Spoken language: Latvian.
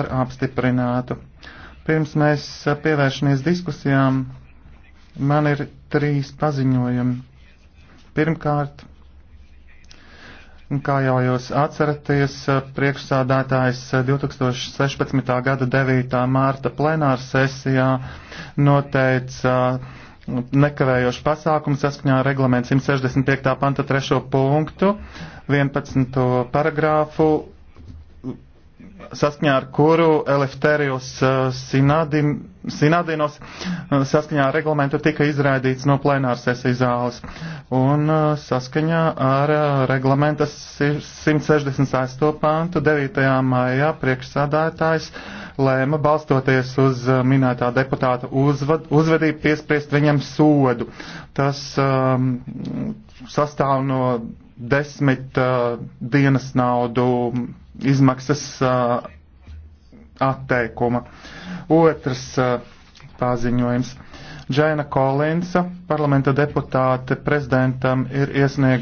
ar apstiprinātu. Pirms mēs pievēršamies diskusijām, man ir trīs paziņojumi. Pirmkārt, kā jau jūs atceraties, priekšsādātājs 2016. gada 9. mārta plenāra sesijā noteica nekavējošu pasākumu saskaņā ar reglamentu 165. panta 3. punktu, 11. paragrāfu saskaņā ar kuru Elefterijos uh, Sinadin, Sinadinos uh, saskaņā ar reglamentu tika izraidīts no plenāras sesijas zāles. Un uh, saskaņā ar reglamenta 168. pantu 9. maijā priekšsādātājs lēma balstoties uz minētā deputāta uzvad, uzvedību piespriest viņam sodu. Tas um, sastāv no desmit uh, dienas naudu izmaksas uh, atteikuma. Otrs uh, paziņojums. Džaina Kolinsa, parlamenta deputāte, prezidentam ir iesniegusi.